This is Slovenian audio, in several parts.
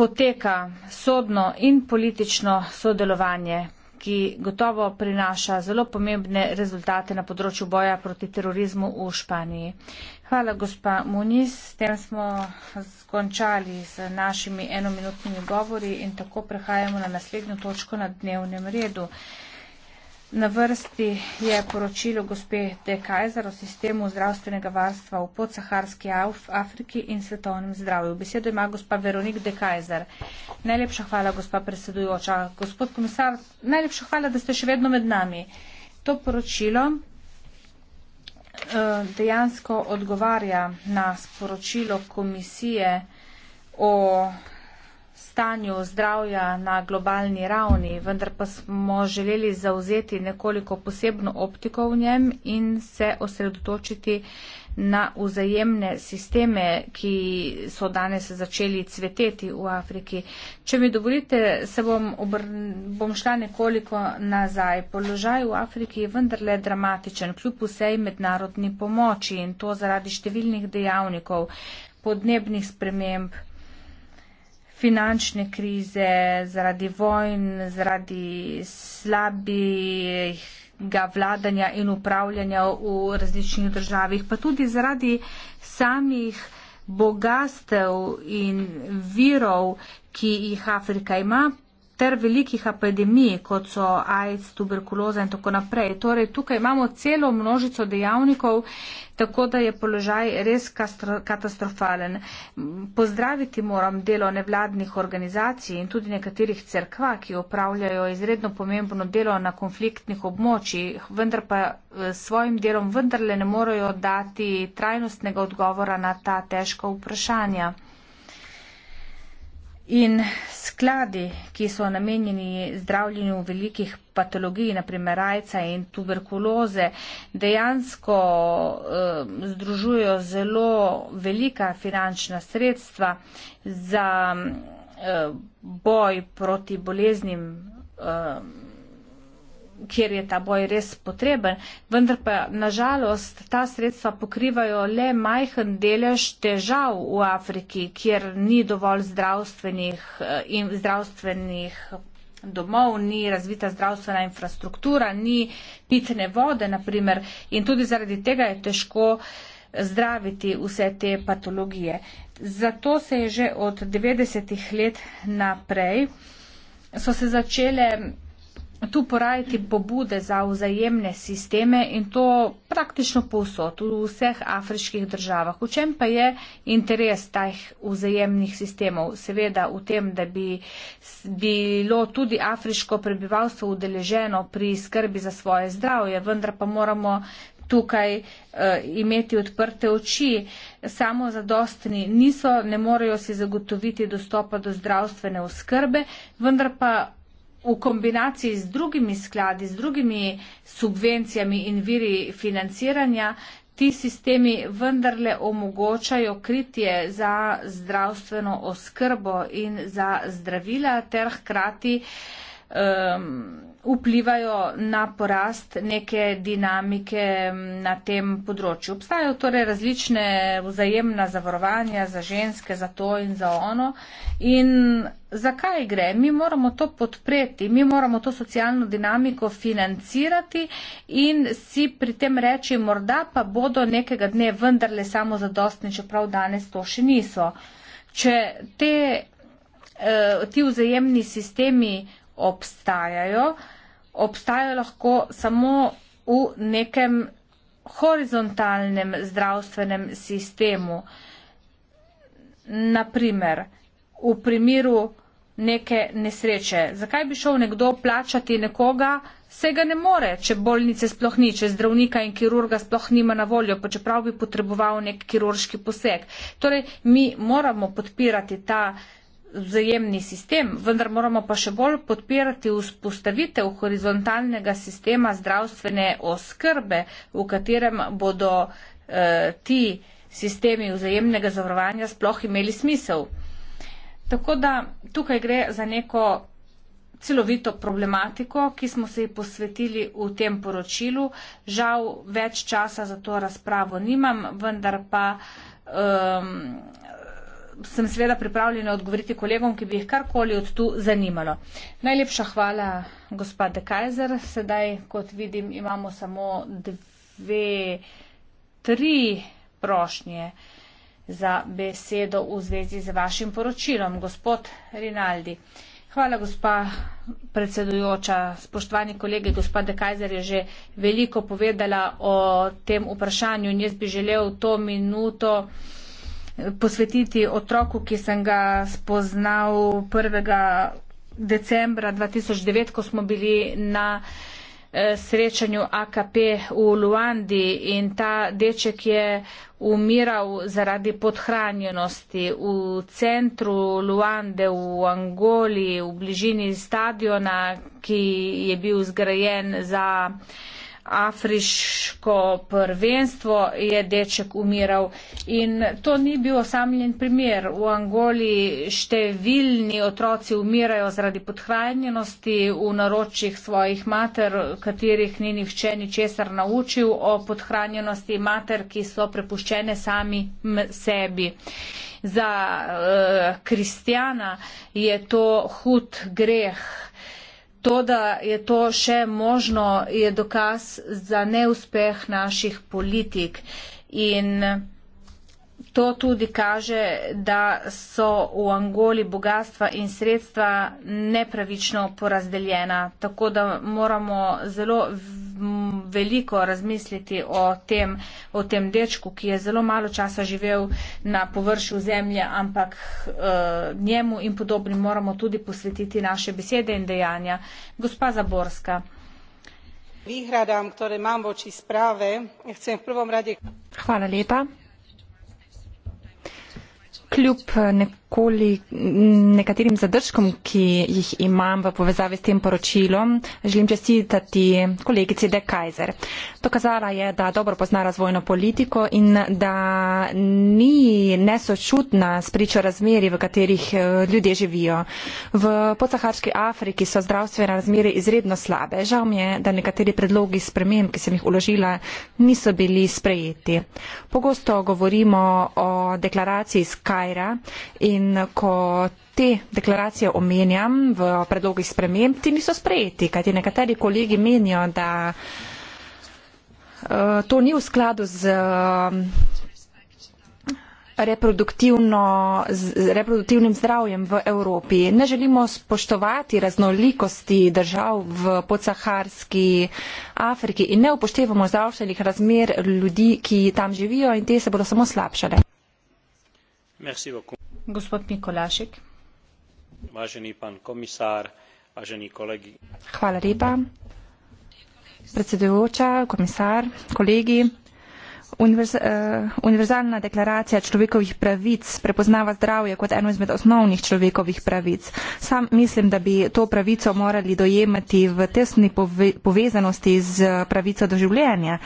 poteka sodno in politično sodelovanje, ki gotovo prinaša zelo pomembne rezultate na področju boja proti terorizmu v Španiji. Hvala, gospa Muniz. S tem smo skončali z našimi enominutnimi govori in tako prehajamo na naslednjo točko na dnevnem redu. Na vrsti je poročilo gospe De Kajzer o sistemu zdravstvenega varstva v podsaharski Afriki in svetovnem zdravju. Besedo ima gospa Veronik De Kajzer. Najlepša hvala, gospa predsedujoča. Gospod komisar, najlepša hvala, da ste še vedno med nami. To poročilo eh, dejansko odgovarja na sporočilo komisije o stanju zdravja na globalni ravni, vendar pa smo želeli zauzeti nekoliko posebno optiko v njem in se osredotočiti na vzajemne sisteme, ki so danes začeli cveteti v Afriki. Če mi dovolite, se bom, bom šla nekoliko nazaj. Položaj v Afriki je vendarle dramatičen, kljub vsej mednarodni pomoči in to zaradi številnih dejavnikov, podnebnih sprememb, finančne krize, zaradi vojn, zaradi slabih vladanja in upravljanja v različnih državah, pa tudi zaradi samih bogastev in virov, ki jih Afrika ima, ter velikih epidemij, kot so AIDS, tuberkuloza in tako naprej. Torej, tukaj imamo celo množico dejavnikov, tako da je položaj res katastrofalen. Pozdraviti moram delo nevladnih organizacij in tudi nekaterih crkva, ki upravljajo izredno pomembno delo na konfliktnih območjih, vendar pa eh, svojim delom vendarle ne morejo dati trajnostnega odgovora na ta težka vprašanja. In skladi, ki so namenjeni zdravljenju velikih patologij, naprimer rajca in tuberkuloze, dejansko eh, združujo zelo velika finančna sredstva za eh, boj proti boleznim. Eh, kjer je ta boj res potreben, vendar pa nažalost ta sredstva pokrivajo le majhen delež težav v Afriki, kjer ni dovolj zdravstvenih eh, in zdravstvenih domov, ni razvita zdravstvena infrastruktura, ni pitne vode, naprimer, in tudi zaradi tega je težko zdraviti vse te patologije. Zato se je že od 90-ih let naprej so se začele tu porajati pobude za vzajemne sisteme in to praktično povsod, v vseh afriških državah. V čem pa je interes teh vzajemnih sistemov? Seveda v tem, da bi bilo tudi afriško prebivalstvo udeleženo pri skrbi za svoje zdravje, vendar pa moramo tukaj uh, imeti odprte oči. Samo zadostni niso, ne morejo si zagotoviti dostopa do zdravstvene oskrbe, vendar pa v kombinaciji z drugimi skladi, z drugimi subvencijami in viri financiranja, ti sistemi vendarle omogočajo kritje za zdravstveno oskrbo in za zdravila ter hkrati eh, um, vplivajo na porast neke dinamike um, na tem področju. Obstajajo torej različne vzajemna zavarovanja za ženske, za to in za ono. In zakaj gre? Mi moramo to podpreti, mi moramo to socialno dinamiko financirati in si pri tem reči, morda pa bodo nekega dne vendarle samo zadostni, čeprav danes to še niso. Če te, eh, ti vzajemni sistemi obstajajo, obstajajo lahko samo v nekem horizontalnem zdravstvenem sistemu. Naprimer, v primeru neke nesreče. Zakaj bi šel nekdo plačati nekoga, se ga ne more, če bolnice sploh ni, če zdravnika in kirurga sploh nima na voljo, pa čeprav bi potreboval nek kirurški poseg. Torej, mi moramo podpirati ta vzajemni sistem, vendar moramo pa še bolj podpirati vzpostavitev horizontalnega sistema zdravstvene oskrbe, v katerem bodo eh, ti sistemi vzajemnega zavarovanja sploh imeli smisel. Tako da tukaj gre za neko celovito problematiko, ki smo se ji posvetili v tem poročilu. Žal več časa za to razpravo nimam, vendar pa. Eh, sem seveda pripravljena odgovoriti kolegom, ki bi jih karkoli od tu zanimalo. Najlepša hvala, gospod De Kajzer. Sedaj, kot vidim, imamo samo dve, tri prošnje za besedo v zvezi z vašim poročilom. Gospod Rinaldi. Hvala, gospa predsedujoča. Spoštovani kolegi, gospod De Kajzer je že veliko povedala o tem vprašanju in jaz bi želel to minuto posvetiti otroku, ki sem ga spoznal 1. decembra 2009, ko smo bili na eh, srečanju AKP v Luandi in ta deček je umiral zaradi podhranjenosti v centru Luande v Angoli, v bližini stadiona, ki je bil zgrajen za uh, afriško prvenstvo je deček umiral. In to ni bil osamljen primer. V Angoli številni otroci umirajo zaradi podhranjenosti v naročjih svojih mater, katerih ni nihče ničesar naučil o podhranjenosti mater, ki so prepuščene sami sebi. Za uh, kristjana je to hud greh. Uh, To, da je to še možno, je dokaz za neuspeh naših politik in to tudi kaže, da so v Angoli bogatstva in sredstva nepravično porazdeljena, tako da moramo zelo veliko razmisliti o tem, o tem dečku, ki je zelo malo časa živel na površju zemlje, ampak uh, njemu in podobnim moramo tudi posvetiti naše besede in dejanja. Gospa Zaborska. Výhradám, ktoré mám voči správe, chcem v prvom rade... Hvala lepa. Kljub ne okoli nekaterim zadržkom, ki jih imam v povezavi s tem poročilom, želim čestitati kolegici De Kajzer. Dokazala je, da dobro pozna razvojno politiko in da ni nesočutna s pričo razmeri, v katerih eh, ljudje živijo. V podsaharski Afriki so zdravstvene razmere izredno slabe. Žal mi je, da nekateri predlogi sprememb, ki sem jih uložila, niso bili sprejeti. Pogosto govorimo o deklaraciji iz Kajra in In ko te deklaracije omenjam v predlogih sprememb, ti niso sprejeti, kajti nekateri kolegi menijo, da eh, to ni v skladu eh, z reproduktivnim zdravjem v Evropi. Ne želimo spoštovati raznolikosti držav v podsaharski Afriki in ne upoštevamo zdravstvenih razmer ljudi, ki tam živijo in te se bodo samo slabšale predsedujoča komisar kolegi eh, univerzalna deklaracija človekovih pravic prepoznava zdravje kot eno izmed osnovnih človekovih pravic sam mislim da bi to pravico morali dojemati v tesni pove, povezanosti z pravico do življenja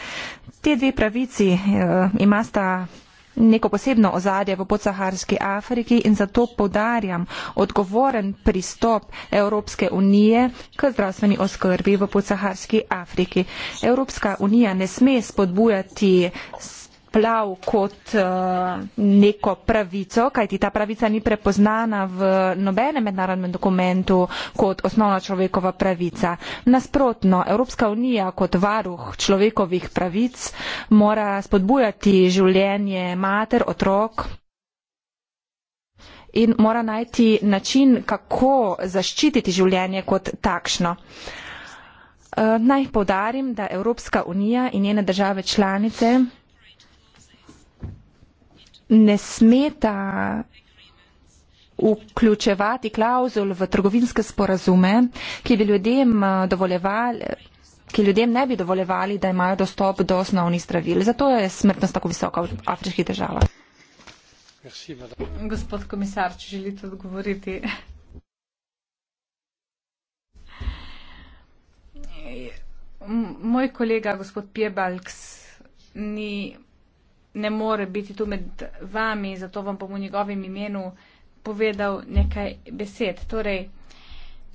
te dve pravici eh, imata neko posebno ozadje v podsaharski Afriki in zato povdarjam odgovoren pristop Evropske unije k zdravstveni oskrbi v podsaharski Afriki. Evropska unija ne sme spodbujati poplav kot eh, neko pravico, kajti ta pravica ni prepoznana v nobenem mednarodnem dokumentu kot osnovna človekova pravica. Nasprotno, Evropska unija kot varuh človekovih pravic mora spodbujati življenje mater, otrok. In mora najti način, kako zaščititi življenje kot takšno. Eh, naj povdarim, da Evropska unija in njene države članice ne smeta vključevati klauzul v trgovinske sporazume, ki bi ljudem eh, dovoljevali ki ljudem ne bi dovoljevali, da imajo dostop do osnovnih zdravil. Zato je smrtnost tako visoka v afriških državah. Merci, Gospod komisar, če želite odgovoriti. Moj kolega, gospod Piebalks, ni ne more biti tu med vami, zato vam bom v njegovem imenu povedal nekaj besed. Torej,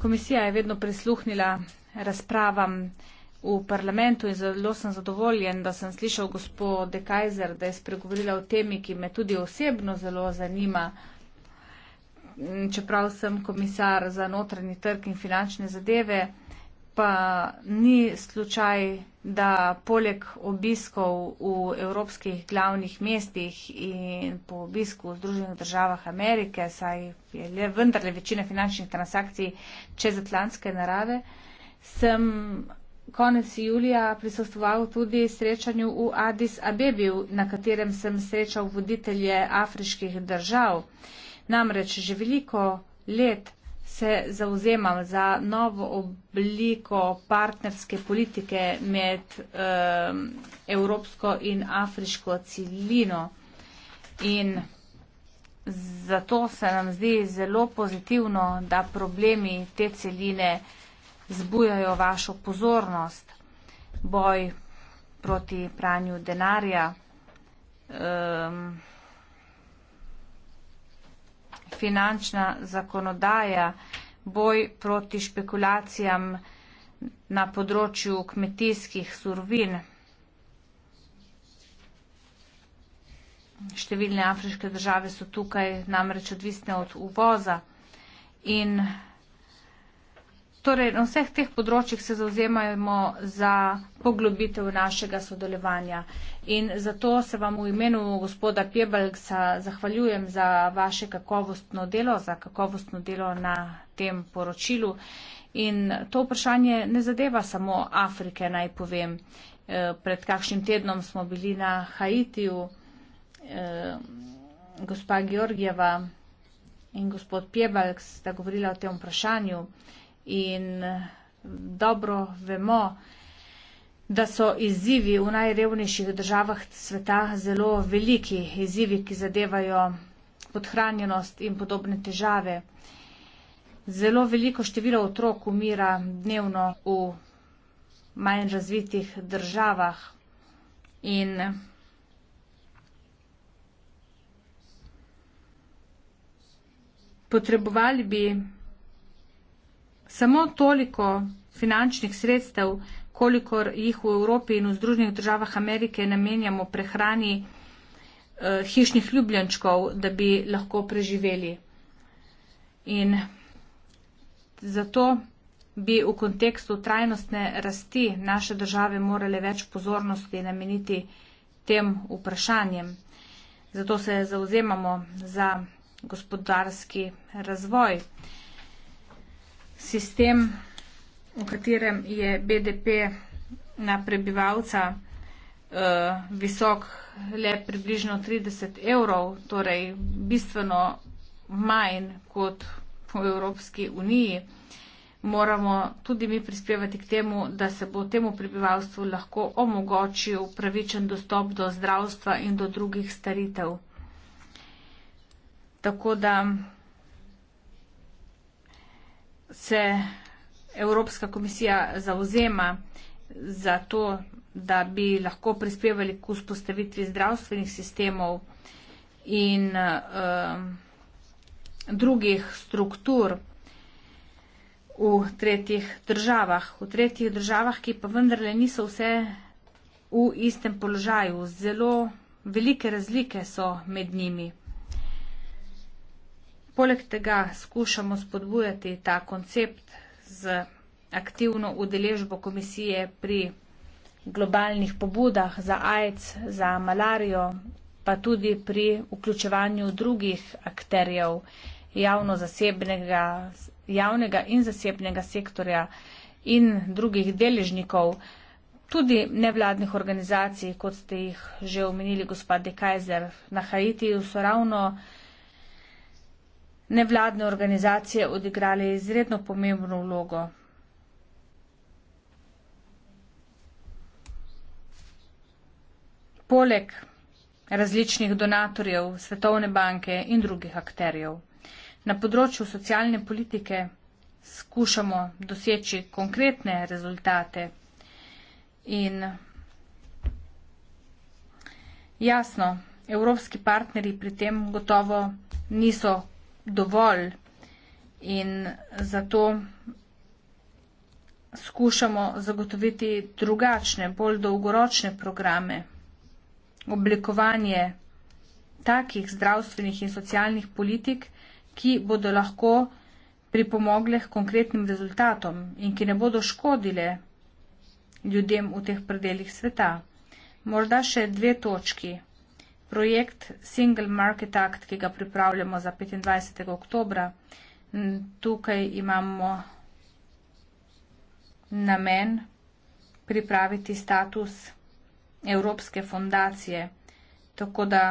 komisija je vedno prisluhnila razpravam v parlamentu in zelo sem zadovoljen, da sem slišal gospode Kajzer, da je spregovorila o temi, ki me tudi osebno zelo zanima. Čeprav sem komisar za notranji trg in finančne zadeve, pa ni slučaj, da poleg obiskov v evropskih glavnih mestih in po obisku v Združenih državah Amerike, saj je le vendarle večina finančnih transakcij čezatlantske narave, sem konec julija prisostoval tudi srečanju v Addis Abebi, na katerem sem srečal voditelje afriških držav. Namreč že veliko let se zauzemam za novo obliko partnerske politike med um, evropsko in afriško celino. In zato se nam zdi zelo pozitivno, da problemi te celine zbujajo vašo pozornost. Boj proti pranju denarja. Um, finančna zakonodaja, boj proti špekulacijam na področju kmetijskih surovin. Številne afriške države so tukaj namreč odvisne od uvoza in Torej, na vseh teh področjih se zauzemajmo za poglobitev našega sodelovanja. In zato se vam v imenu gospoda Pjebelgsa zahvaljujem za vaše kakovostno delo, za kakovostno delo na tem poročilu. In to vprašanje ne zadeva samo Afrike, naj povem. Eh, pred kakšnim tednom smo bili na Haitiju, eh, gospa Georgijeva in gospod Pjebelgs sta govorila o tem vprašanju in dobro vemo, da so izzivi v najrevnejših državah sveta zelo veliki, izzivi, ki zadevajo podhranjenost in podobne težave. Zelo veliko število otrok umira dnevno v manj razvitih državah in potrebovali bi samo toliko finančnih sredstev, kolikor jih v Evropi in v Združenih državah Amerike namenjamo prehrani eh, hišnih ljubljenčkov, da bi lahko preživeli. In zato bi v kontekstu trajnostne rasti naše države morale več pozornosti nameniti tem vprašanjem. Zato se zauzemamo za gospodarski razvoj sistem, v katerem je BDP na prebivalca eh, visok le približno 30 evrov, torej bistveno manj kot v Evropski uniji, moramo tudi mi prispevati k temu, da se bo temu prebivalstvu lahko omogočil pravičen dostop do zdravstva in do drugih staritev. Tako da se Evropska komisija zauzema za to, da bi lahko prispevali k vzpostavitvi zdravstvenih sistemov in uh, drugih struktur v tretjih državah. V tretjih državah, ki pa vendarle niso vse v istem položaju, zelo velike razlike so med njimi. Poleg tega skušamo spodbujati ta koncept z aktivno udeležbo komisije pri globalnih pobudah za AIDS, za malarijo, pa tudi pri vključevanju drugih akterjev javnega in zasebnega sektorja in drugih deležnikov, tudi nevladnih organizacij, kot ste jih že omenili, gospod De Kajzer. Na Haitiju so ravno nevladne organizacije odigrale izredno pomembno vlogo. Poleg različnih donatorjev Svetovne banke in drugih akterjev. Na področju socialne politike skušamo doseči konkretne rezultate in jasno, evropski partnerji pri tem gotovo niso dovolj. In zato skušamo zagotoviti drugačne, bolj dolgoročne programe, oblikovanje takih zdravstvenih in socialnih politik, ki bodo lahko pripomogle k konkretnim rezultatom in ki ne bodo škodile ljudem v teh predeljih sveta. Morda še dve točki projekt Single Market Act, ki ga pripravljamo za 25. oktober. Tukaj imamo namen pripraviti status Evropske fundacije, tako da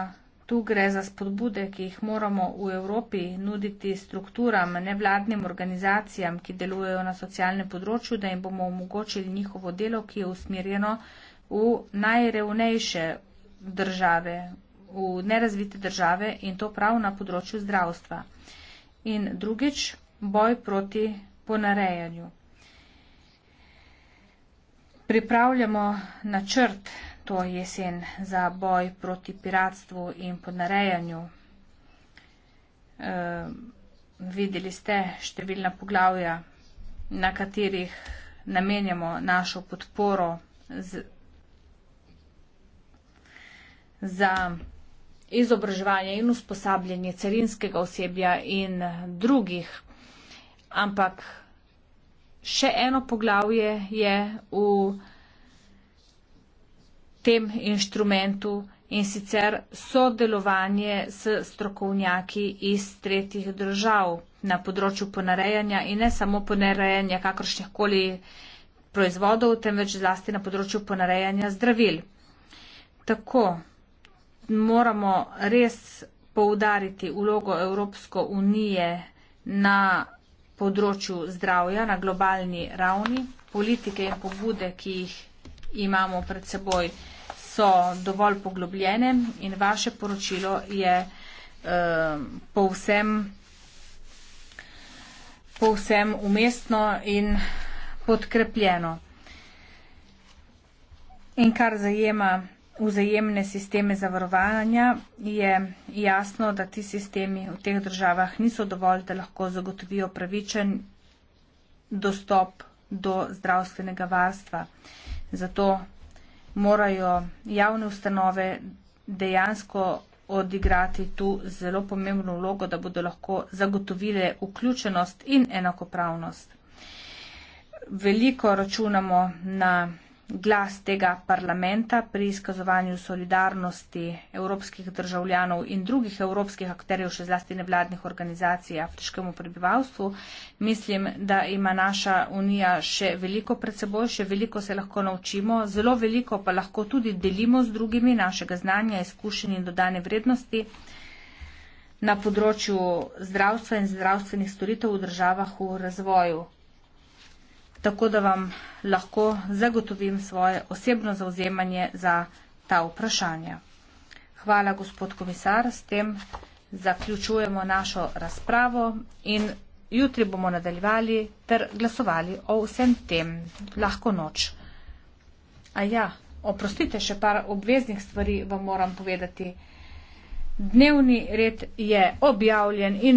tu gre za spodbude, ki jih moramo v Evropi nuditi strukturam, nevladnim organizacijam, ki delujejo na socialnem področju, da jim bomo omogočili njihovo delo, ki je usmerjeno v najrevnejše države, v nerazvite države in to prav na področju zdravstva. In drugič, boj proti ponarejanju. Pripravljamo načrt to jesen za boj proti piratstvu in ponarejanju. E, videli ste številna poglavja, na katerih namenjamo našo podporo z, za izobraževanje in usposabljanje carinskega osebja in drugih. Ampak še eno poglavje je v tem inštrumentu in sicer sodelovanje s strokovnjaki iz tretjih držav na področju ponarejanja in ne samo ponarejanja kakršnih koli proizvodov, temveč zlasti na področju ponarejanja zdravil. Tako moramo res poudariti vlogo Evropske unije na področju zdravja, na globalni ravni. Politike in pobude, ki jih imamo pred seboj, so dovolj poglobljene in vaše poročilo je eh, povsem, povsem umestno in podkrepljeno. In kar zajema vzajemne sisteme zavarovanja, je jasno, da ti sistemi v teh državah niso dovolj, da lahko zagotovijo pravičen dostop do zdravstvenega varstva. Zato morajo javne ustanove dejansko odigrati tu zelo pomembno vlogo, da bodo lahko zagotovile vključenost in enakopravnost. Veliko računamo na glas tega parlamenta pri izkazovanju solidarnosti evropskih državljanov in drugih evropskih akterjev, še zlasti nevladnih organizacij afriškemu prebivalstvu. Mislim, da ima naša unija še veliko pred seboj, še veliko se lahko naučimo, zelo veliko pa lahko tudi delimo z drugimi našega znanja, izkušenj in dodane vrednosti na področju zdravstva in zdravstvenih storitev v državah v razvoju tako da vam lahko zagotovim svoje osebno zauzemanje za ta vprašanja. Hvala, gospod komisar, s tem zaključujemo našo razpravo in jutri bomo nadaljevali ter glasovali o vsem tem. Lahko noč. A ja, oprostite, še par obveznih stvari vam moram povedati. Dnevni red je objavljen in